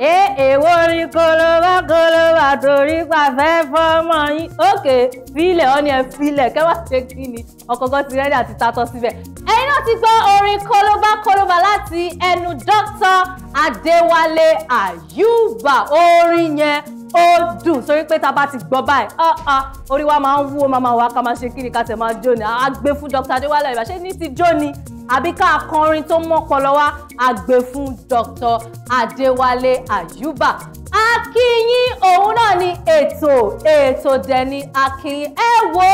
ẹ èwo ni kólóbá kólóbá torí pàfẹ́ fọmọ yín òkè filẹ̀ ọ́ni ẹ̀ filẹ̀ kẹ́ wá ṣe kí ni ọkọ̀ọ̀kan ti rẹ́dí àti tatọ́ síbẹ̀. ẹ̀yin náà ti gbọ́ orin kólóbá kólóbá láti ẹnu Dr. Adéwálé ayuba orin yẹn ó dùn sórí pé tá a bá ti gbọ́ báyìí ah, ah, orí wa máa ń wú ó máa máa wá ká máa ni ká tẹ̀ máa jó ni a gbé fún Dr. Adéwálé Àyùbá ṣé ní ti jó ni àbí ká akọrin tó mọ́pọlọ wá a gbé fún Dr. Adéwálé Àyùbá akínyìn òun náà ni ètò ètò dẹ̀ ni akínyìn ẹ wo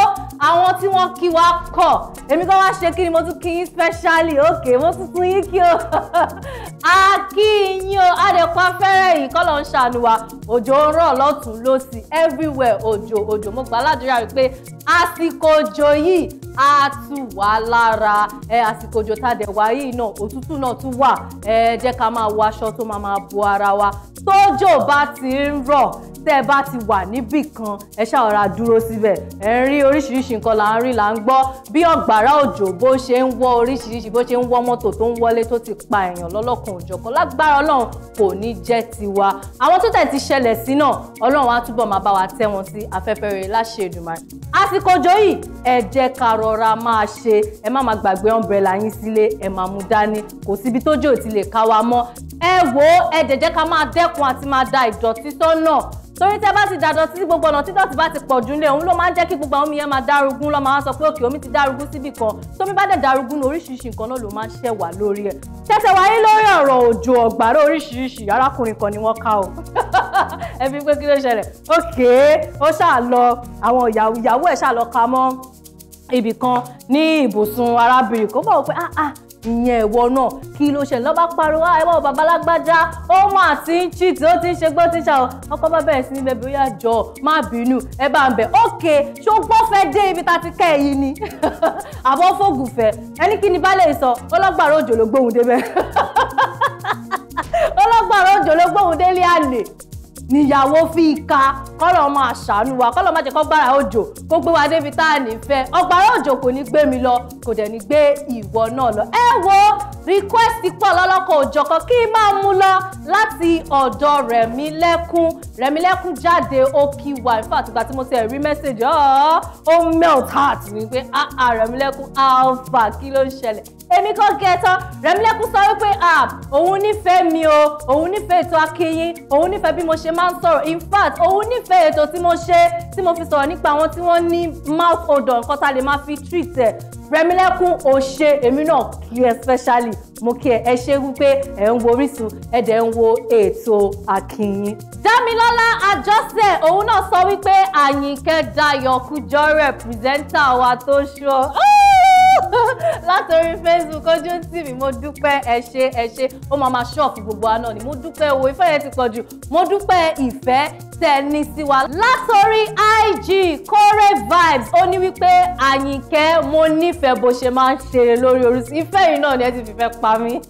àwọn tí wọ́n kí wa kọ̀ èmi kan wá ṣe kí ni mo tún kí yín specially okay mo tún tún yín kí o kí yín o adẹ̀kọ́ afẹ́rẹ́ yìí kọ́ ló ń ṣàánú wa òjò ń rọ̀ lọ́tún lọ́sì everywhere òjò òjò mo gbà ládùúrà wípé àsìkò òjò yìí á tù wá lára ẹ àsìkò òjò tá a dẹ̀ wá yìí náà òtútù náà tún wà ẹ jẹ́ ká máa wọ aṣọ tó máa máa bo ara wa tójò bá ti ń rọ̀ tẹ́ ẹ bá ti wà níbì kan ẹ ṣàwọ̀ra dúró síbẹ̀ ẹ ń rí oríṣiríṣi nǹkan là ń rí là ń gbọ́ bí ọ̀gbàrá òjò bó ṣe ń wọ́ oríṣiríṣi bó ṣe ń wọ́ mọ́tò tó ń wọlé tó ti pa èèyàn lọ́lọ́kan òjọ̀kan lágbára ọlọ́run kò ní jẹ́ tiwa àwọn tó tẹ̀ ti ṣẹlẹ̀ sí náà ọlọ́run á túbọ̀ máa bá wa tẹ́ wọn sí afẹ́fẹ́ rere láṣẹ Èdùmàrè àsìkò òjò yìí ẹ jẹ́ ká rọra máa ṣe ẹ má máa gbàgbé ọ̀mbrẹ́là yín sílé ẹ máa mú dání kò síbi tójò ti lè ká wa mọ́ ẹ wò ẹ dẹ̀ ká máa dẹ́k fún àti máa da ìdọ̀tí sọ́nà torí tẹ́ bá ti da ìdọ̀tí sí gbogbo ọ̀nà tí ìdọ̀tí bá ti pọ̀ jù nílé òun ló máa ń jẹ́ kí gbogbo àwọn omi yẹn máa dárugún lọ́ máa sọ pé òkè omi ti dárugún síbì kan tómi bá dẹ̀ dárugún oríṣiríṣi nǹkan náà ló máa ń ṣẹ̀ wá lórí ẹ̀ ṣẹ̀ṣẹ̀ wáyé lórí ọ̀rọ̀ òjò ọ̀gbàrá oríṣiríṣi arákùnrin kan ni wọ́n ká o ẹ fi pé kí ló ṣẹlẹ̀ òkè ó ṣáà lọ àwọn ìyàwó ẹ̀ ṣáà lọ ka mọ́ ibì kan ní ibùsùn arábìnrin kó bọ̀ wọ́n pé ah ah ìyẹn ẹ̀wọ̀ náà kí ló ṣẹlẹ̀ lọ́ba pariwo àìwọ̀ ah, babalágbájá ó mà ti ń cheat ó ti ń ṣe gbọ́ ti ń ṣà ọ́ ọkọ bá bẹ̀rẹ̀ sí ní bẹ̀bẹ̀ bóyá jọ má bínú ẹ bá ń bẹ̀ ókè ṣó gbọ́ fẹ́ dé ibi tá a ti kẹ́ ẹ̀yìn ni àbọ̀ fògùn fẹ́ ẹni kí ni bá lè sọ ọlọ́gbàrá òjò ló gbóhùn débẹ̀ ọlọ́gbàrá òjò ló gbóhùn délé àlè níyàwó fi ka kọ́lọ̀ máa ṣàánú wa kọ́lọ̀ má jẹ́ kó gbára òjò kó gbé wa débi tá a nífẹ̀ẹ́ ọgbàrá òjò kò ní gbé mi lọ kò dẹ̀ ní gbé ìwọ náà lọ. ẹ wo request pọ̀ lọ́lọ́kọ̀ òjọ̀kan kí n máa mú lọ láti ọ̀dọ̀ Rẹ̀mílẹ́kún Rẹ̀mílẹ́kún jáde ó kí wa in fact ìgbà tí mo ti rí message ọ̀ ó melt heart mi pé ah ah Rẹ̀mílẹ́kún alpha kí ló ń ṣẹlẹ̀ èmi kò gẹ̀ẹ́tọ́ Rẹ̀mílẹ́kún sọ wípé ah òun nífẹ̀ẹ́ mi o òun nífẹ̀ẹ́ ètò Akíìyín òun nífẹ̀ẹ́ bí mo ṣe máa ń sọ̀rọ̀ in fact òun nífẹ̀ẹ́ nífẹ̀ẹ́ ètò tí mo ṣe tí mo fi sọ̀rọ̀ nípa àwọn tí wọ́n ní mouth odor nǹkan tá a lè máa fi treat ẹ̀ Rẹ̀mílẹ́kún ò ṣe èmi náà kí ẹ specially mo kí ẹ ẹ ṣe wípé ẹ ń wo Orísun ẹ dẹ̀ ń wo ètò Àkìíyín. Dámilọ́lá Àjọṣe òun náà sọ wípé Àyìnkẹ́ Dayọ̀ Kújọ́rẹ̀ pírẹ́sẹ́ńtà wa tó ṣọ́. látòrí facebook Ojo TV mo dúpẹ́ ẹ ṣé ẹ ṣé ó máa ma ṣọ́ọ̀kì gbogbo àná ni mo dúpẹ́ owó ìfẹ́ yẹn ti pọ̀ jù mo dúpẹ́ ìfẹ́ tẹ́ sí wa látòrí ig kore vibes ó ní wípé àyìnkẹ́ mo nífẹ̀ẹ́ bó ṣe máa ń ṣeré lórí Orísun ìfẹ́ yìí náà ni ẹ ti fi fẹ́ pa mí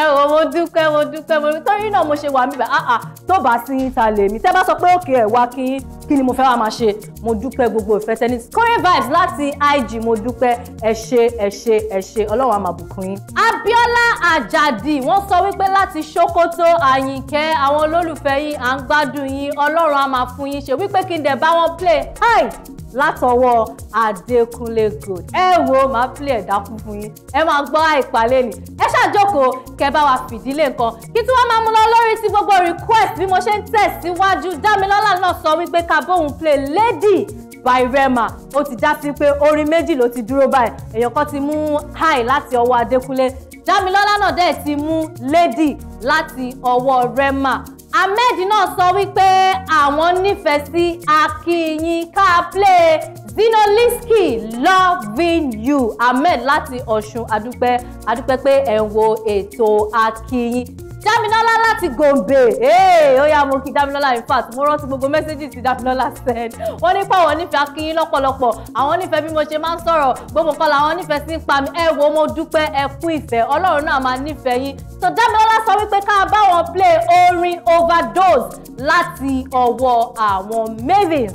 ẹ wò mo dúpẹ́ mo dúpẹ́ mo dúpẹ́ torí náà mo ṣe wà mí bá àà tó bá sí yín ta lèmi tẹ́ bá sọ pé òkè ẹ̀ wá kí yín kí ni mo fẹ́ wá máa ṣe mo dúpẹ́ gbogbo ìfẹ́ tẹ́ ní kore vibes láti ig mo dúpẹ́ ẹ ṣe ẹ ṣe ẹ ṣe ọlọ́run á máa bùkún yín. Abíọ́lá Àjàdì wọ́n sọ wípé láti Ṣókótó Àyìnkẹ́ àwọn olólùfẹ́ yín à ń gbádùn yín ọlọ́run á máa fún yín ṣe wípé kí n dẹ̀ bá wọn play hi látọwọ́ Adékúnlé Gold ẹ wo máa play ẹ̀dá kún fún yín ẹ máa gbọ́ àìpàlẹ́ ni ẹ ṣàjókòó kẹ́ bá wa fìdílé nǹkan kí tí wọ́n máa mú lọ lórí sí gbogbo request bí mo ṣe ń tẹ̀síwájú Dámilọ́lá náà sọ wípé ká bóun play lady by Rema ó ti já sí pé orin méjì ló ti dúró báyìí èèyàn kan ti mú high láti ọwọ́ Adékúnlé Dámilọ́lá náà dẹ̀ ti mú lady láti ọwọ́ Rema Ahmed náà sọ wípé àwọn nífẹ̀ẹ́ sí akínyìn ká play Zinoliski loving you Ahmed láti Ọ̀ṣun adúpẹ́ adúpẹ́ pé ẹ̀ ń wo ètò akínyìn Dámilọ́lá láti Gombe ó yá mo kí Dámilọ́lá in fact mo rántí gbogbo mẹ́sẹ́gì tí Dámilọ́lá send wọ́n nípa àwọn nífẹ̀ẹ́ akínyín lọ́pọ̀lọpọ̀ àwọn nífẹ̀ẹ́ bí mo ṣe máa ń sọ̀rọ̀ gbogbo kan làwọn nífẹ̀ẹ́ sí ń pa mi ẹ wo mo dúpẹ́ ẹ kú ìfẹ́ Ọlọ́run náà máa nífẹ̀ẹ́ yín so Dámilọ́lá sọ wípé ká bá wọn play orin overdose láti ọwọ́ àwọn Mavins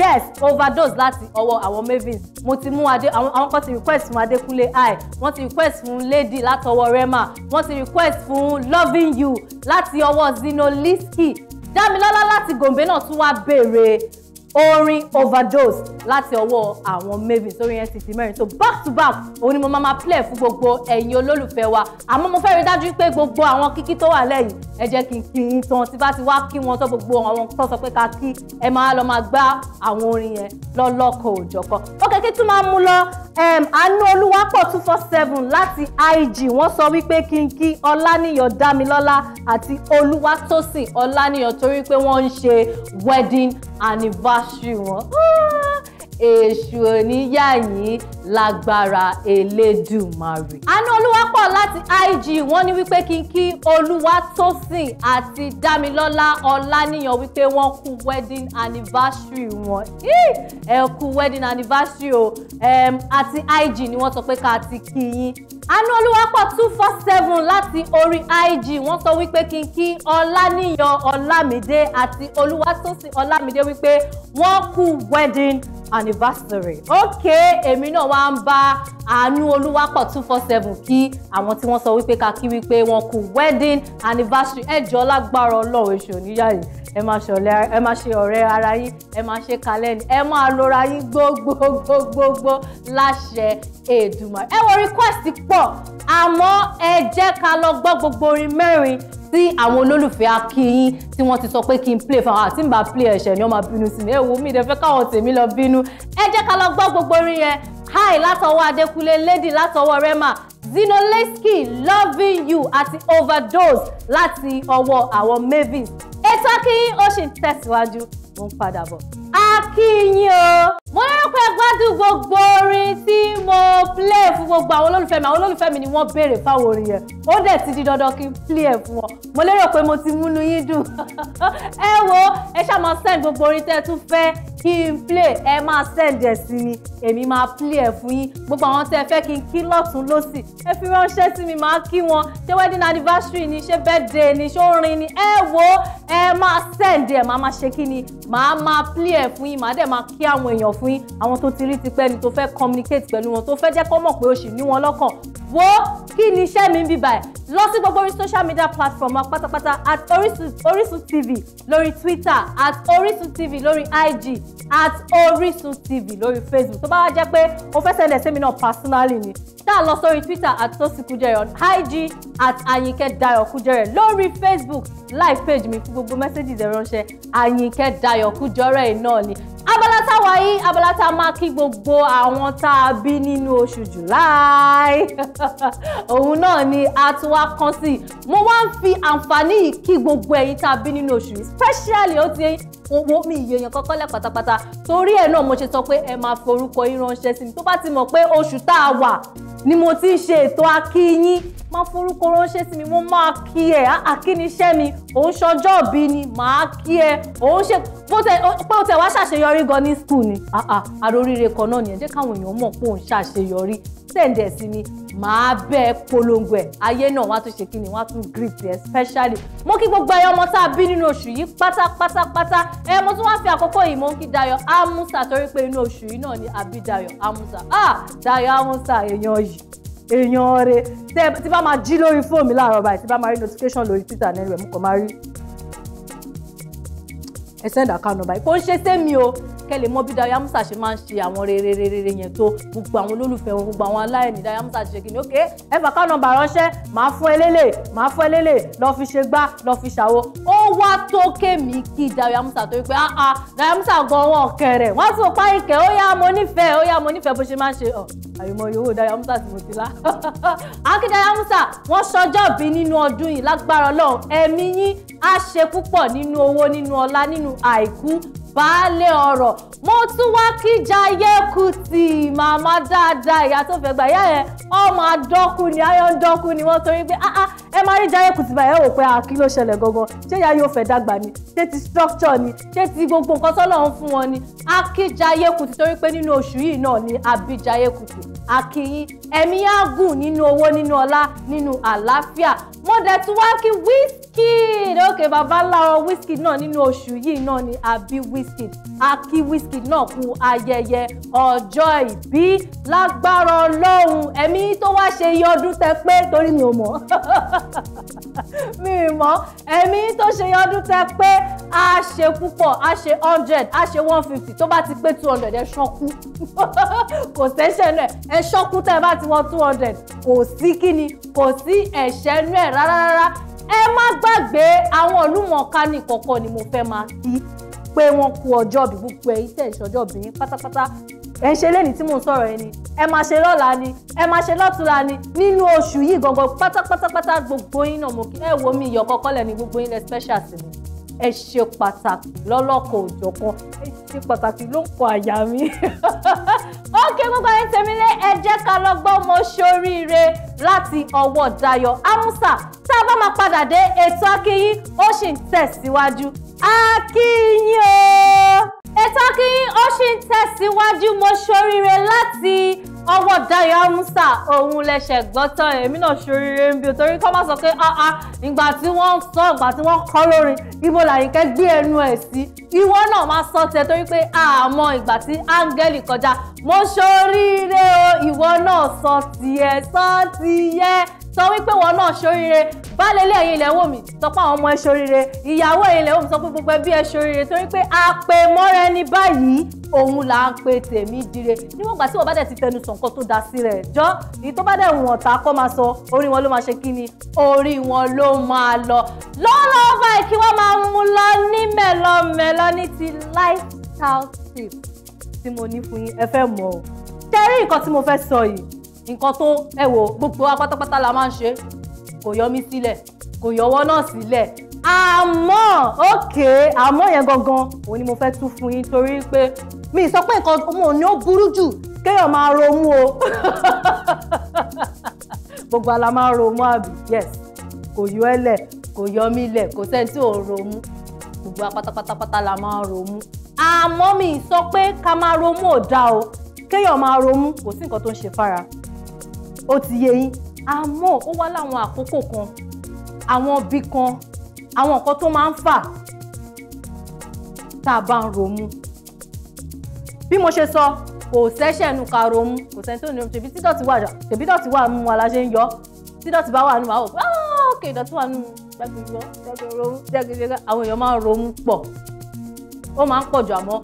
yes overdose láti ọwọ́ àwọn mavins mo ti mú adé àwọn àwọn kan ti request fún adékúnlé i wọ́n ti request fún lady látọwọ́ rema wọ́n ti request fún loving you láti ọwọ́ zinoliski dámilọ́lá láti gombe náà tún wá béèrè orin overdose láti ọwọ́ àwọn Mavin sórí yẹn ti di mẹ́rin so back to back òun ni mo máa play fún gbogbo ẹ̀yin olólùfẹ́ wa àmọ́ mo fẹ́ rí dájú pé gbogbo àwọn kíkí tó wà lẹ́yìn ẹ jẹ́ kí n kí n tán tí bá ti wá kí wọn tó gbogbo àwọn tó sọ pé ká kí ẹ máa lọ máa gbá àwọn orin yẹn lọ́lọ́kọ̀ òjọ̀kan ó kẹ́kẹ́ tún máa mú lọ àánú olúwapọ̀ two four seven láti IG wọ́n sọ wípé kí n kí ọláníyọ̀ dámilọ́lá àti olúwatósìn ọláníyọ̀ torí pé wọ́n ń ṣe wedding anniversary àsùnwọ̀n ah, èṣù oníyàyín lágbára elédùmarè. àánú olúwa pọ̀ láti IG wọ́n ní wípé kí n kí olúwatósìn àti dámilọ́lá ọláníyàn wípé wọ́n kú wedding anniversary wọn ẹ kú wedding anniversary o àti IG ni wọ́n sọ pé ká ti kí yín àánú olúwapọ̀ two four seven láti orí ig wọ́n sọ wípé kí n kí ọláníyàn ọlámídé àti olúwatósìn ọlámídé wípé wọ́n kú wedding anniversary ok èmi náà wá ń bá àánú olúwapọ̀ two four seven kí àwọn tí wọ́n sọ wípé ká kí wípé wọ́n kú wedding anniversary ẹ̀jọ́ lágbára ọlọ́run èṣù níyà yìí ẹ máa ṣọ̀lẹ ẹ máa ṣe ọ̀rẹ́ ara yín ẹ máa ṣe kalẹ̀ ni ẹ máa lora yín gbogbogbogbogbò láṣẹ Èdùmàrè ẹ wọ request pọ pọ̀ àmọ́ ẹ jẹ́ ká lọ gbọ́ gbogbo orin mẹ́rin tí àwọn olólùfẹ́ akínyìn tí wọ́n ti sọ pé kí n play fún àwọn àti n bá play ẹ̀ṣẹ̀ ni wọ́n máa bínú sí mi ẹ wò mí ìdẹ́fẹ́ káwọn tèmi lọ bínú ẹ jẹ́ ká lọ gbọ́ gbogbo orin yẹn hi látọwọ́ adékúnlé lady látọwọ́ rema zinoleski loving you àti overdose láti ọwọ́ àwọn mavis ètò akínyìn ó sì tẹ̀síwájú mo ń padà bọ̀. a kí yín o. mo lérò gbádùn gbogbo orin tí mo play fún gbogbo àwọn olólùfẹ́ mi àwọn olólùfẹ́ mi ni wọ́n béèrè fáwọn orin yẹn ó dẹ̀ ti di dandan kí n play ẹ̀ fún wọn mo lérò pé mo ti múnú yín dùn. ẹ wo ẹ ṣáà máa send gbogbo orin tẹ́ ẹ tún fẹ́ kí n play ẹ máa send ẹ̀ sí mi èmi máa play ẹ̀ fún yín gbogbo àwọn tẹ́ ẹ fẹ́ kí n kí lọ́tún lọ́sì ẹ fi ránṣẹ́ sí mi máa kí wọn ṣé wedding anniversary ni ṣé birthday ni ṣé orin ni ẹ wo ẹ máa send ẹ̀ máa máa ṣe kí ni màá máa plé ẹ̀ fún yín màá dẹ̀ máa kí àwọn èèyàn fún yín àwọn tó ti rí ti ni tó fẹ́ communicate pẹ̀lú wọn tó fẹ́ jẹ́ kọ́ mọ̀ pé o sì ní wọn lọ́kàn wo kí ni iṣẹ́ mi ń bíbà ẹ̀ lọ sí gbogbo orí social media platform wa pátápátá at Orisun Orisun TV lórí Twitter at Orisun TV lórí IG at Orisun TV lórí Facebook tó bá wá jẹ́ pé o fẹ́ sẹ́ndẹ̀ sí personally ni tá a lọ sórí Twitter at Tosin Kujere on IG at Ayinke Dayo Kujere lórí Facebook live page mi fún gbogbo messages ẹ ránṣẹ́ Ayinke Dayo Kujere náà ni abala táwa yìí abala tá a máa kí gbogbo àwọn tá a bí nínú oṣù July òun náà ni a tún wá wa kàn sí i mo wá ń fi àǹfààní yìí kí gbogbo ẹ̀yin tá a bí nínú oṣù yìí specially ó ti yẹn owó mi ìyẹ̀yàn kankan lẹ̀ pátápátá torí ẹ̀ náà mo ṣe sọ pé ẹ máa forúkọ yín ránṣẹ́ sí mi tó bá ti mọ̀ pé oṣù tá a ni mo ti ń ṣe ètò akíyín máa forúkọ ránṣẹ́ sí mi mo máa kí ẹ akíníṣẹ́ mi òun ṣọjọ́ òbí ni màá kí ẹ òun ṣe pé o tẹ wá ṣàṣeyọrí gan ní skul ni àròríire kan náà nìyẹn jẹ́ káwọn èèyàn mọ̀ pé òun ṣàṣeyọrí send ẹ̀ sí mi màá bẹ́ẹ̀ polongo ẹ̀ ayé náà wọ́n á tún ṣe kí ni wọ́n tún greet ẹ̀ especially mo kí gbogbo ẹyọ ọmọ tá a bí nínú oṣù yìí pátápátápátá ẹ mo tún wáá fi àkókò yìí mo ń kí Dayọ̀ Amusa torí pé inú oṣù yìí náà ni àbí Dayọ̀ Amusa ah Dayọ̀ Amusa èèyàn yìí èèyàn rẹ tí bá máa jí lórí fóònù mi láàárọ̀ báyìí tí bá máa rí notification lórí Twitter nínú ẹ̀ mo kàn máa rí ẹ send account number yìí kò ń ṣe sẹ́mi o kẹ́lẹ̀ mọ́ bí Dayọ̀ Amusa ṣe máa ń ṣe àwọn rere rere yẹn tó gbogbo àwọn olólùfẹ́ wọn gbogbo àwọn aláìní Dayọ̀ Amusa ṣe kìíní ókè ẹ fà ká nọ́mbà ránṣẹ́ màá fún ẹlẹ́lẹ̀ màá fún ẹlẹ́lẹ̀ lọ fi ṣe gbá lọ fi ṣàwo ó wá tó kémi kí Dayọ̀ Amusa pé ah ah Dayọ̀ Amusa gan wọn kẹrẹ wọn tún pa ìkẹ́ ó yá mo nífẹ̀ẹ́ ó yá mo nífẹ̀ẹ́ bó ṣe máa ń ṣe àyùmọ̀ yòówó Dayọ̀ Amusa ti mọ̀ sí lá akí Dayọ̀ Amusa wọ́n ṣọjọ́ bí nínú ọdún yìí lágbára Ọlọ́run ẹ̀mí yín á ṣe púpọ̀ nínú owó nínú ọlá nínú àìkú baálé ọrọ̀ mo tún wá kí Jayé Kútì màmá dáadáa ìyá tó fẹ́ gbà ìyá yẹn ọmọ adọ́kù ni ayọ̀ ń dọ́kù ni wọ́n torí pé ah ah ẹ máa rí Jayé Kútì báyẹn wò pé àkí ah, ló ṣẹlẹ̀ gangan ṣé ìyá yóò fẹ́ dàgbà ni ṣé ti structure ni ṣé ti gbogbo nǹkan tọ́lọ́run fún wọn ni a kí Jayé Kútì torí pé nínú oṣù yìí náà ni a bí Jayé Kútì a kí yín ẹ̀mí á gùn nínú owó nínú ọlá nínú àlàáfíà mo dẹ̀ tún wá kí Wizkid ok bàbá láwọn Wizkid náà nínú oṣù yìí náà ni àbí Wizkid a kí Wizkid náà kú ayẹyẹ ọjọ́ ìbí lágbára ọlọ́run ẹ̀mí tó wá ṣe iye ọdún tẹ pé torí mi ò mọ̀ mi ì mọ̀ ẹ̀mí tó ṣe iye ọdún tẹ pé a ṣe púpọ̀ a ṣe hundred a ṣe one fifty tó bá ti pé two hundred ẹ ṣọ́kú kò sẹ́ṣẹ̀ náà ẹ ṣọ́kú tẹ́ bá ti wọ two hundred kò sí kíni kò sí ẹ̀ṣẹ̀ náà rárá rárá ẹ má gbàgbé àwọn ìlúmọ̀ọ́ká ní kọ̀ọ̀kan ni mo fẹ́ máa kí pé wọ́n kú ọjọ́bí gbogbo ẹ̀yin tẹ̀ ìṣọjọ́bí yín pátápátá ẹ ń ṣe lẹ́ni tí mo ń sọ̀rọ̀ yẹn ni ẹ máa ṣe lọ́la ni ẹ máa ṣe lọ́túnla ni nínú oṣù yìí gangan pátápátápátá gbogbo yín náà mo kí ẹ wo mi ìyọ̀ kọ́kọ́ lẹ́ni gbogbo yín lẹ́ special sí mi ẹ ṣe pàtàkì lọ́lọ́kọ̀ ẹ ṣ ti pàtàkì ló ń kọ àyà mi. ókè gbogbo ẹ̀yin tèmi lé ẹ ká lọ gbọ́ mo ṣoríire láti ọwọ́ Dayọ̀ Amusa tá a bá máa padà dé ètò akínyìn ó sì ń tẹ̀síwájú akínyìn o ètò akínyìn ó sì ń tẹ̀síwájú mo ṣoríire láti ọwọ́ Dayọ̀ Amusa òun lẹ́sẹ̀ gbọ́tọ̀ èmi náà ṣoríire ń bi torí kọ́ má sọ pé áá ah, ah, ìgbà tí wọ́n ń sọ ìgbà tí wọ́n kọ́ lórin ibo làyínkẹ́ gbé ẹnu ẹ̀ sí ìwọ náà má sọ tẹ torí pé àmọ́ ìgbà tí áńgẹ́lì kọjá mo ṣoríire o ìwọ náà sọ tiẹ̀ sọ tiẹ̀ sọ wípé wọn náà ṣoríire bálẹ̀lẹ̀ ẹ̀yin ilẹ̀ wò mí sọ pé àwọn ọmọ ẹ ṣoríire ìyàwó ẹ̀yin ilẹ̀ wò mí sọ pé gbogbo ẹbí ẹ ṣoríire torí pé a pè mọ́ra ẹni báyìí òun là ń pe tèmi dire níwọ̀n ìgbà tí wọ́n bá dẹ̀ ti tẹnu sọ nǹkan tó da sí rẹ̀ jọ́ èyí tó bá dẹ̀ wọ̀n ta kọ́ máa sọ orí wọn ló máa ṣe kí ni orí wọn ló máa lọ lọ́nà ọba kí wọ́n máa mú lọ ní mẹ́lọmẹ́lọ ní ti lifestyle tip tí mo ní fún yín ẹ fẹ́ mọ̀ ọ́ ṣe rí nǹkan tí mo fẹ́ sọ yìí nǹkan tó ẹ wò gbogbo wa pátápátá la máa ń ṣe kò yọ mí sílẹ̀ kò yọwọ́ náà sílẹ̀ àmọ́ òkè àmọ́ yẹn gangan òun ni mo fẹ́ tú fún yín torí pé mi sọ pé nǹkan mo ní ó burú jù kéèyàn máa romú o gbogbo ala máa romú àbí yes kò yọ ẹ lẹ̀ kò yọ mí lẹ̀ kò sẹ́ni tí ò ń romú gbogbo apátápátápátá la máa romú àmọ́ mi sọ pé ká máa romú ò dáa o kéèyàn máa romú kò sí nǹkan tó ń ṣe fára ó ti yé yín àmọ́ ó wá láwọn àkókò kan àwọn ibi kan àwọn nǹkan tó máa ń fà tá a bá ń romú bí mo ṣe sọ kò sẹ́sẹ̀ nu ka romú kò sẹ́ni tó ní romú tèbí tídọ̀tí wà tèbí dọ̀tí wà mú wa la ṣe ń yọ tídọ̀tí bá wà nù ah, wà ó pé ókè wà nù àwọn èèyàn máa ń romú pọ̀ ó máa ń pọ̀ jù àmọ́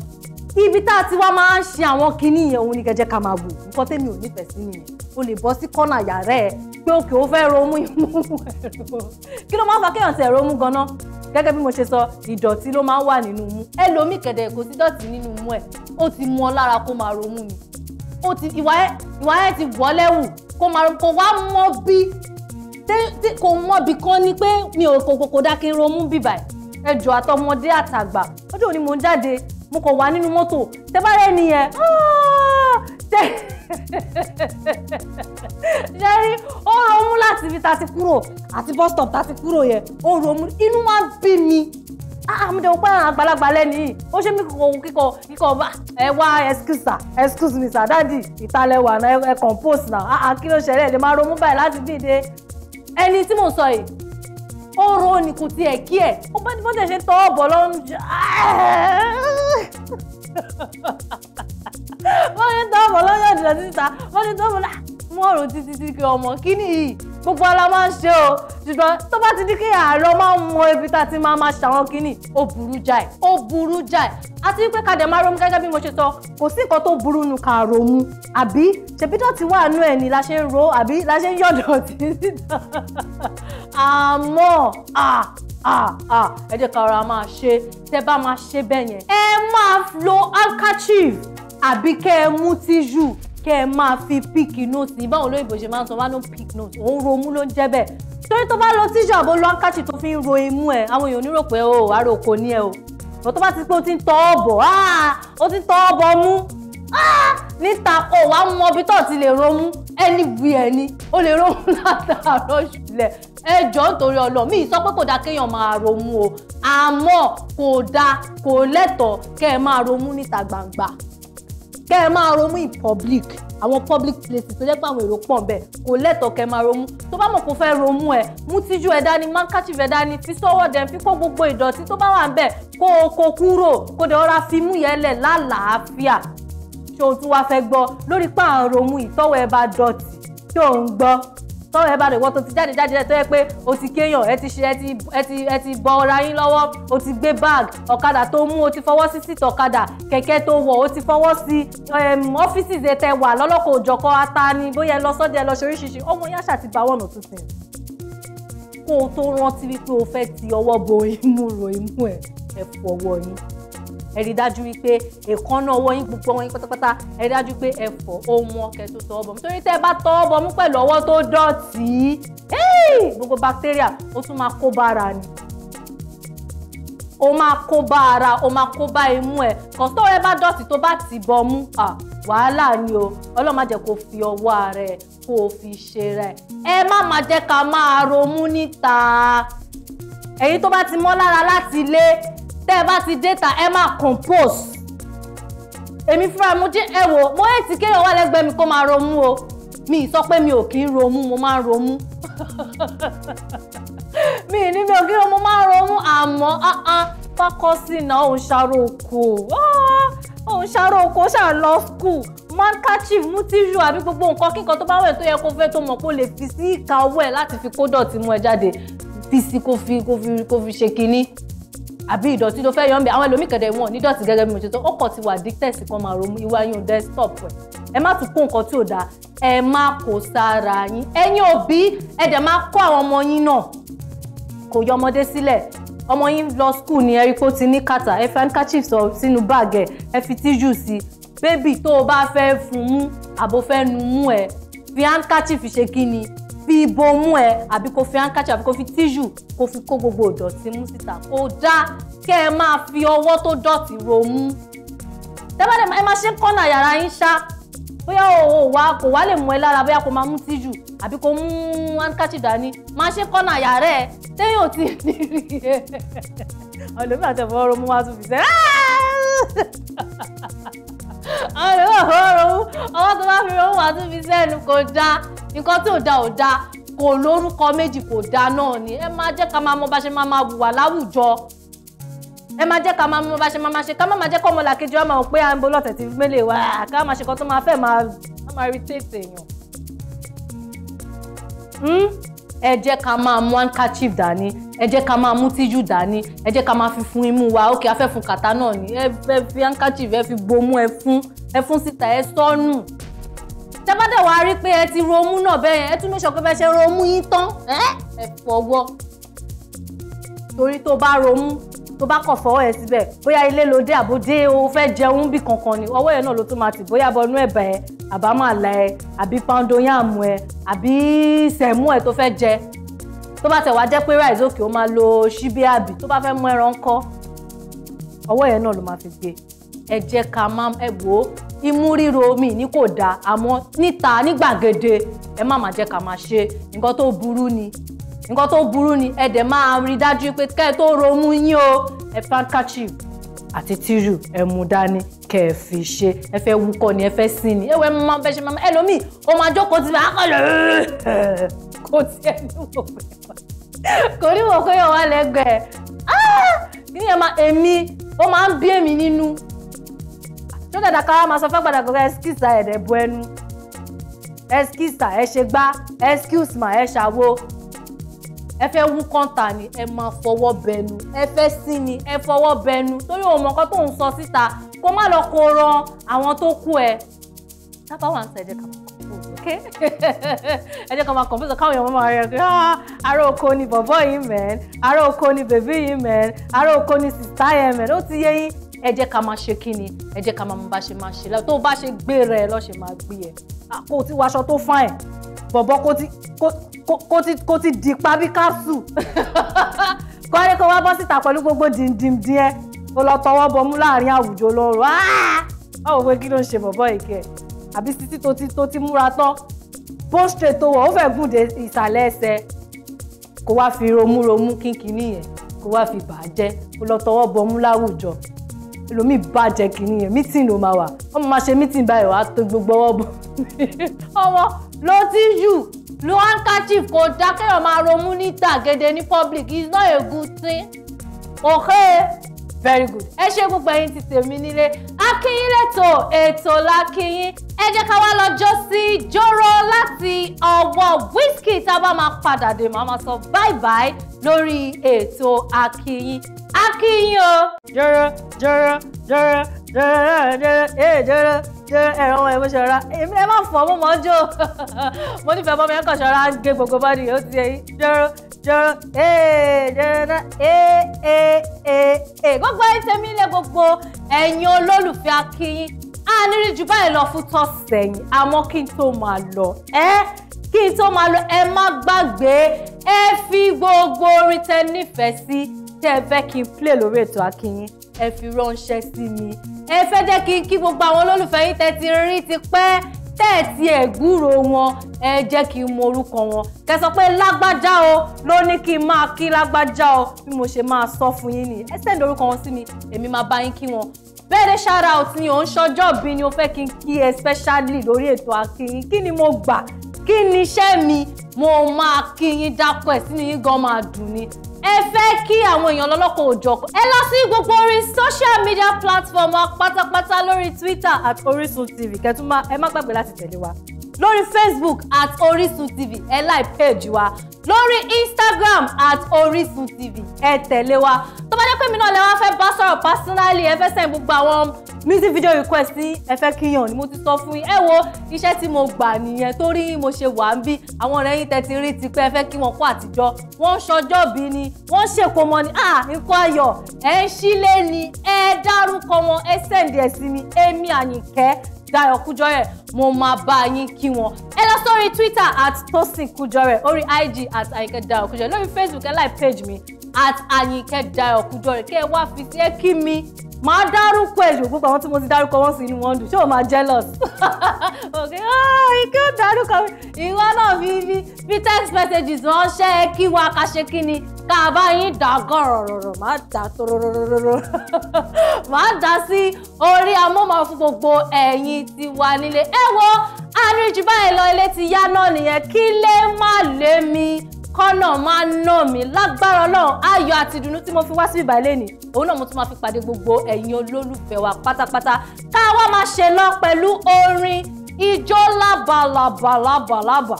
ibi tá a ti wá máa ń ṣe àwọn kinní yẹn òun ni kẹjẹ ká máa bù nǹkan tẹ́mi ò nífẹ̀ẹ́ sí nìyẹn o lè bọ́ sí kọ́nà yàrá ẹ̀ pé òkè ó fẹ́ romú ìmú ẹ̀rọ kí ló máa ń fa kéèyàn ti ẹ̀rọ mú ganan gẹ́gẹ́ bí mo ṣe sọ ìdọ̀tí ló máa ń wà nínú mú ẹlòmíì kẹ̀dẹ̀ kò sí dọ̀tí nínú mú ẹ̀ ó ti mú ọ lára kó máa romú ni ó ti ìwà ẹ̀ ti wọ́ lẹ́wù kó máa kó wá mọ́ bí kò mọ́ bí kan ni pé mi ò kò kò dá kí n romú bíbà ẹ̀ ẹjọ́ àtọmọdé àtàgbà ọjọ́ òní mo ń jáde mo kàn wà nínú mọ́tò tẹ bá rẹ̀ nìyẹn ṣẹ́rí ó romú láti ibi tá a ti kúrò àti bus stop tá a ti kúrò yẹn ó romú inú máa ń bí mi ah, ah, àmì òpá àgbàlagbà lẹ́nu yìí ó ṣe mí kò kíkọ kíkọ ọba ẹ wá excuse sir excuse me sir dadi ìtalẹ̀wà náà ẹ compose náà àà ah, kí ló ṣẹlẹ̀ lè máa ronú báyìí láti bí ìdè ẹni tí mò ń sọ yìí ó ro ònìkù ti ẹ̀ kí ẹ̀ ó bá ti bọ́tẹ̀ ṣe tọ́ ọ̀bọ̀ lọ́rùn jù. wọ́n ní tọ́ọ̀mù lọ́jọ́ ìdìlọ títa wọ́n ní tọ́ọ̀mù ah, mọ́ ọ̀rọ̀ títí tí kí ọmọ kí ni yìí gbogbo ara máa ń ṣe o ṣùgbọ́n tó bá ti di kí àárọ̀ máa ń mọ ibi tá a ti máa máa ṣàwọn kínní ó burú jáì ó burú jáì àti pé kàdé máa ronú gẹ́gẹ́ bí mo ṣe sọ kò sí nǹkan tó burú nu kà ronú àbí ṣèbí dọ̀tí wà nú ẹ̀ ni la ṣe ń ro àbí la ṣe ń yọ̀ dọ̀tí síta àmọ́ ẹ jẹ́ ká ara máa ṣe tẹ́ bá máa ṣe bẹ́ẹ̀ yẹn ẹ máa lo handkerchief àbí kẹ́ ẹ mú tíṣù kẹ́ ẹ máa fi pick note ní báwọn olóyìnbó ṣe máa ń sọ wá ló ń pick note òun romú ló ń jẹ́ bẹ́ẹ̀ torí tó bá lọ tíṣù àbó lọ́ńkàṣì tó fi ń ro imú ẹ̀ àwọn èèyàn onírò pé oh, o àròkò ni ẹ o tó bá ti pé o ti ń tọ ọ̀bọ̀ ah, o ti ń tọ ọ̀bọ̀ mú ah, níta o wà á mọ ibi tó ti lè romú ẹni bu ẹni o lè romú látàárọ̀ ṣùlẹ̀ ẹjọ́ nítorí ọlọ́mí sọ pé kò dáa kéèyàn máa romú o àmọ́ kò dáa kò lẹ́tọ̀ọ́ kẹ́ ẹ máa romú níta gbangba kẹ́ ẹ máa ronú in public àwọn public places tó jẹ́ pé àwọn èrò pọ̀ ń bẹ̀ kò lẹ́tọ̀ọ́ kẹ́ ẹ máa ronú tó bá mọ̀ kó fẹ́ ronú ẹ̀ mú tíjú ẹ̀ dání mankachif ẹ̀ dání fi sọ́wọ́ dẹ̀ fi kó gbogbo ìdọ̀tí tó bá wà ń bẹ̀ kó o kó kúrò kó dẹ̀ ọ̀rá fi mú yẹn lẹ̀ lálàáfíà ṣé o tún wá fẹ́ gbọ́ lórí pààrọ̀ ohun ìtọ́wọ́ ẹ bá dọ̀tí ṣé o ń gbọ́ tọ́wọ́ ẹ bá lè wọ́ tó ti jáde jáde tó yẹ pé o ti kéèyàn ẹ ti ṣe ẹ ti ẹ ti ẹ ti bọ ọ̀ra yín lọ́wọ́ o ti gbé bag ọ̀kadà tó mú o ti fọwọ́ sí sí tọ̀kadà kẹ̀kẹ́ tó wọ̀ o ti fọwọ́ sí ọ́fíìsì tẹ wà lọ́lọ́kọ̀ òjọ̀kọ̀ atani bóyá ẹ lọ sọ́dẹ̀ ẹ lọ ṣe oríṣiríṣi ọmọ yẹn àṣà ti bá wọ̀nà tuntun kó o tó rántí wípé o fẹ́ ti ọwọ́ bo imú ro imú ẹ̀ ẹ̀ fọwọ́ yín ẹ rí dájú wípé èkánná ọwọ́ yín gbogbo wọn yín pátápátá ẹ rí dájú pé ẹ fọ ohun ọkẹ tó tọwọ́ bọ̀mú torí tẹ́ ẹ bá tọwọ́ bọ̀mú pẹ̀lú ọwọ́ tó dọ̀tí gbogbo bacteria ó tún máa kó bára ni o máa kó bá ara o máa kó bá imú ẹ kàn tó rẹ bá dọ̀tí tó bá ti bọ mú wàhálà ni o ọlọ́run má jẹ́ kó fi ọwọ́ ara ẹ kó o fi ṣera ẹ ẹ má má jẹ́ ká máa ronú níta èyí tó bá ti mọ́ lára láti ilé tẹ́ ẹ bá ti déta ẹ máa compose èmi fúnra mo jẹ́ ẹ wò mo ètí kéèyàn wá lẹ́gbẹ̀ẹ́ mi kó máa romú o mi ì sọ pé mi ò kí ń romú mo máa ń romú mi ì ní mi ò kí ń romú mo máa ń romú àmọ́ fákọ́sì náà òun ṣàrò oko òun ah, ṣàrò oko ṣàà lọ skul mankachif mú tíṣù àbí gbogbo nǹkan kí nǹkan tó bá wẹ̀ tó yẹ kó fẹ́ tó mọ̀ kó lè fi sí ìka ọwọ́ ẹ̀ láti fi kó dọ̀tí mú ẹ jáde fi sí kó fi kó fi ṣe kinní àbí ìdọ̀tí tó fẹ́ yọ̀ǹbẹ̀ àwọn ẹlòmíì kẹ̀dẹ̀ wọn nídọ̀tí gẹ́gẹ́ bí mo ṣe tó ọkọ̀ ti wà addicted sí kan máa ro ìwà yín ò desktop ẹ̀ ẹ má tún kó nǹkan tí ò dáa ẹ má kó sára yín ẹ̀yin òbí ẹ dẹ̀ máa kọ́ àwọn ọmọ yín náà kò yọ ọmọdé sílẹ̀ ọmọ yín lọ school ni ẹ rí pé ó ti ní kàtà ẹ fi handkerchief sọ sínú báàgì ẹ ẹ fi tíjú sí bébì tó o bá fẹ́ fún mú àbò fẹ́ nu mú ẹ fi handkerchief ṣe kí ni fi ibomú ẹ àbí kó fi hankachi àbí kó fi tíṣù kó fi kó gbogbo ìdọ̀tí mú síta kó dá kẹ́ ẹ máa fi ọwọ́ tó dọ̀tí romú tẹ́bàdé ẹ máa ṣe ń kọ́nà yàrá yín ṣá bóyá o wà kò wá lè mú ẹ lára bóyá kò máa mú tíṣù àbí kò mú hankachi dání máa ṣe kọ́nà yàrá ẹ téèyàn ò tí ì rí ẹ ọ̀lẹ́mí àtẹ̀fọ́ ọ̀rọ̀ mú wá tún fi sẹ́ ọ̀rọ̀ ọ̀rọ̀ ọwọ́ tó bá fi rówó wá tún fi sẹ́nu kò dáa nǹkan tí ò dáa ò dáa kò lórúkọ méjì kò dáa náà ni ẹ máa jẹ́ ká máa mọ bá ṣe máa máa wùwà láwùjọ ẹ máa jẹ́ ká máa mọ bá ṣe máa máa ṣe ká máa máa jẹ́ kọ́mọlà kejì wa máa wò pé à ń bo lọ́tẹ̀ tí mélè wa ká máa ṣe kan tó máa fẹ́ máa máa rí tètè èèyàn. Hmm? ẹ jẹ́ ká máa mú handkerchief dání ẹ jẹ́ ká máa mú tíjú dání ẹ jẹ́ ká máa fi fún imú wa ókè afẹ́ fún kàtá náà ni ẹ fi handkerchief ẹ fi bomú ẹ fún ẹ fún síta ẹ sọ́nù tẹ́bàdà wàá rí pé ẹ ti romú náà bẹ́ẹ̀ yẹn ẹ tún mẹ́sàn pé bẹ́ẹ̀ ṣe romú yín tán ẹ fọwọ́ torí tó bá romú tó bá kàn fọwọ́ yẹn síbẹ̀ bóyá ilé ló dé àbódé o fẹ́ jẹun bí kankan ni ọwọ́ yẹn náà ló tún máa tì bóyá bọnú àbámàlà ẹ àbí pound yàmù ẹ àbí sẹ̀mú ẹ tó fẹ́ jẹ tó bá tẹ̀ wá jẹ́ pé rice òkè ó máa lo ṣíbí àbí tó bá fẹ́ mú ẹran kọ́ ọwọ́ yẹn náà ló máa fi gbé ẹ jẹ́ ká má ẹ wò ó imú ríro mi ní kò dáa àmọ́ níta ní gbàgede ẹ má máa jẹ́ ká máa ṣe nǹkan tó burú ni nǹkan tó burú ni ẹ dẹ̀ máa rí dájú pé kẹ́ ẹ tó ronú yín o ẹ pankachip àti tírù ẹ mú dání kẹ́ ẹ fi ṣe ẹ fẹ́ wúkọ́ ni ẹ fẹ́ sin ni ẹwẹ́ máa bẹ́ ṣe máa ẹlòmíì ó máa jókòó ti máa kọ́ lọ kò tiẹ̀ níwò kò níwò pé ó wà lẹ́gbẹ̀ẹ́ ah! kí ẹ máa èmi ó máa ń bí èmi nínú ṣó dàda máa sọ fẹ́ gbàdàgbà ẹskísà ẹ̀dẹ̀ bu ẹnu ẹskísà ẹ ṣe gbá ẹskísà ẹ ṣàwo ẹ fẹ́ wú kọ́ńtà ni ẹ máa fọwọ́ bẹnu ẹ fẹ́ sí ni ẹ fọwọ́ bẹnu torí òun mọ̀ọ́kọ́ tó ń sọ síta kó má lọ kó ran àwọn tó kú ẹ tábà wà ń sọ ẹ̀jẹ̀ kàmá ẹ jẹ́ ká máa kọ̀m̀pútà káwọn èèyàn máa rẹ̀ pé ah, ará oko ni bọ̀bọ́ yìí mẹ́n ará oko ni bèbí yìí mẹ́n ará oko ni sìtá yẹn mẹ́n ó ti yé yín ẹ jẹ́ ká máa ṣe kíni ẹ jẹ́ ká máa bá ṣe máa ṣe tó bá ṣe gbé rẹ̀ lọ́ ṣe máa gbé ẹ̀ ah, kó o ti wọ aṣọ tó fáìn bọ̀bọ̀ kó ti di pabí káṣù kọ́lé kó wá bọ́ síta pẹ̀lú gbogbo dìndìndín ẹ kó lọ tọwọ́ bọmú láàrin àwùjọ lọ́rùn báwo ah! pé kí ló ń ṣe bọ̀bọ̀ ìkẹ́ àbí títí tó ti tó ti múra tán bó ṣe tó wọ̀ ó fẹ́ gùn dé ìsàlẹ̀ ẹsẹ̀ kó wá fi romúromú kínkínní yẹn kó wá fi bàjẹ́ kó lọ tọwọ́ bọmú láwùjọ lomi bàjẹ́ kìíní yẹn mítìn ló máa wà wọ́n máa ṣe mítìn báyìí wàá tó gbogbo ọwọ́ bọ̀ ọmọ lo tissue lo handkerchief kò dá kéèyàn máa ronú ní gbàgede ní public is not a good thing okay very good ẹ ṣe gbogbo ẹ̀yin ti tèmi nílé akínyín lẹ́tọ̀ ètò lákínyín ẹ jẹ́ ká wá lọ́jọ́ sí jóró láti ọwọ́ wíṣkì tá a bá máa padà dé màá máa sọ bye bye lórí ètò akínyín akínyín o jóró jóró jóró jóró jóró ee eh, jóró jóró ẹ̀rọ eh, ọmọ ẹ̀mọ́ ṣọ́ra èmi ẹ má fọ́ ọmọ mọ́ jò mo nífẹ̀ẹ́ ọmọ mi ẹ̀kọ́ ṣọ́ra ń gé gbogbo bá nìyẹn ó ti ẹ̀yìn jóró jọrọ ee eh, jọrọ ee eh, ee eh, ee ee gbogbo ẹ tẹ̀mí lẹ gbogbo ẹ̀yin olólùfẹ́ akínyìn a nírí jù báyìí lọ fún tọ̀sẹ̀ yìí àmọ́ kí n tó máa lọ ẹ́ kí n tó máa lọ ẹ má gbàgbé ẹ fi gbogbo orin tẹ nífẹ̀ẹ́ sí tẹ ẹ fẹ́ kí n play lórí ètò akínyìn ẹ fi ránṣẹ́ sí mi ẹ fẹ́ jẹ́ kí n kí gbogbo àwọn olólùfẹ́ yín tẹ ti rí tipẹ́ tẹ́ẹ̀tì ẹ̀ gbúrò wọn ẹ jẹ́ kí n mọ orúkọ wọn kẹ́ sọ pé lágbájá o ló ní kí n máa kí lágbájá o bí mo ṣe máa sọ fún yín nìyẹn ẹ sẹ́ndì orúkọ wọn sí mi èmi máa bá yín kí wọn bẹ́ẹ̀dẹ̀ shout out ni ò ń ṣọjọ́ bí ni o fẹ́ kí n kí ẹ especially lórí ètò akínyìn kí ni mo gbà kí ni iṣẹ́ mi mo máa kí yín dápẹ́ sínú yín gan máa dùn ni ẹ fẹ́ kí àwọn èèyàn lọ́lọ́kọ̀ òjọ̀kọ̀ ẹ lọ sí gbogbo orí social media platform wa pátápátá lórí Twitter at Orisun TV kẹ́tùmá ẹ má gbàgbé láti tẹ̀lé wa lórí Facebook at Orisun TV ẹ láì page wa lórí instagram at orisun tv ẹ tẹ̀lé wa tó bá jẹ́ pé mi náà lẹ wá fẹ́ bá sọ̀rọ̀ personally ẹ fẹ́ sẹ́yìn gbogbo àwọn music video request ní ẹ fẹ́ kíyàn ni mo ti sọ fún yín ẹ wo iṣẹ́ tí mo gbà nìyẹn torí mo ṣe wà ń bí àwọn ọ̀rẹ́ yín tẹ́tí rí ti pé ẹ fẹ́ kí wọn kó àtijọ́ wọ́n ṣọjọ́ bí ni wọ́n ṣèkómọ ni à nǹkan ayọ̀ ẹ̀ ń sílé ni ẹ dárúkọ wọn ẹ sẹ́ǹdì ẹ̀ mi èmi Àyìnkẹ́ Dayọ̀ Kújọrẹ̀ mo máa bá yín kí wọn ẹ lọ sórí Twitter at Tosin Kujore orí IG at Ayinke Dayọ̀ Kujore lórí Facebook ẹ like page mi at Ayinke Dayọ̀ Kujore kí ẹ wá fi sí ẹ kí mi máa dárúkọ ẹ̀yọ́ púpọ̀ àwọn tí mo ti dárúkọ wọn sí inú wọn dùn ṣé o máa jealous ok ah, ike ó dárúkọ ìwọ náà fi fi text messages ránṣẹ́ kí wa ká ṣe kí ni tá a bá yín dà gọ̀rọ̀rọ̀rọ̀ má dà tororororo má dà sí orí amóhùnmáwò fún gbogbo ẹ̀yin tí wà nílé ẹ wo arìnrìn báyìí lọ ilé ti yá náà nìyẹn kí lè má lé mi kọ́nà máa ná mi lágbára ọlọ́run ayọ̀ àti ìdùnnú tí mo fi wá sí ìbà ilé ni òun náà mo tún máa fi pàdé gbogbo ẹ̀yin olólùfẹ́ wa pátápátá ká wá máa ṣe lọ pẹ̀lú orin ijó lábalábalábalábà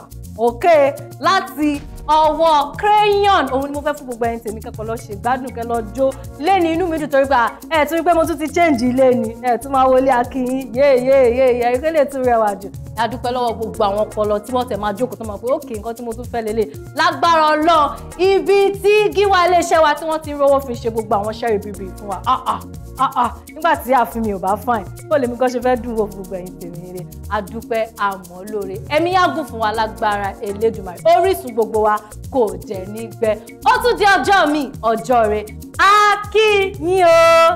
òkè láti ọwọ́ crayon òun ni mo fẹ́ fún gbogbo ẹni tèmi kẹ́kọ̀ọ́ lọ ṣe gbádùn kẹ́ lọ jó lẹ́ni inú mi dùn torí pé ẹ tún rí pé mo tún ti change ilé ni ẹ tún máa wọlé akínyín yéèyéèyé ẹ̀rí kẹ́lẹ́ tún rẹwà jù a dúpẹ́ lọ́wọ́ gbogbo àwọn ọpọlọ tí wọ́n tẹ̀ máa jókòó tó máa pé ókè nǹkan tí mo tún fẹ́ lélẹ̀ lágbára ọlọ́run ibi tí gíwá iléeṣẹ́ wa tí wọ́n ti ń rówó fi ṣe gbogbo àwọn ṣẹ́rì bíbí fún wa ah, ah, ah, nígbà tí àfin mi ò bá fine kó lèmi kan ṣe fẹ́ dùn wò gbogbo ẹ̀yin tèmi rè a dúpẹ́ àmọ́ lóore ẹ̀mí yàgùn fún wa lágbára Elédùmarè Orísun gbogbo wa kò jẹ́ nígbẹ́ ó tún di ọjọ́ mi ọjọ́ rẹ̀ á kí yín o.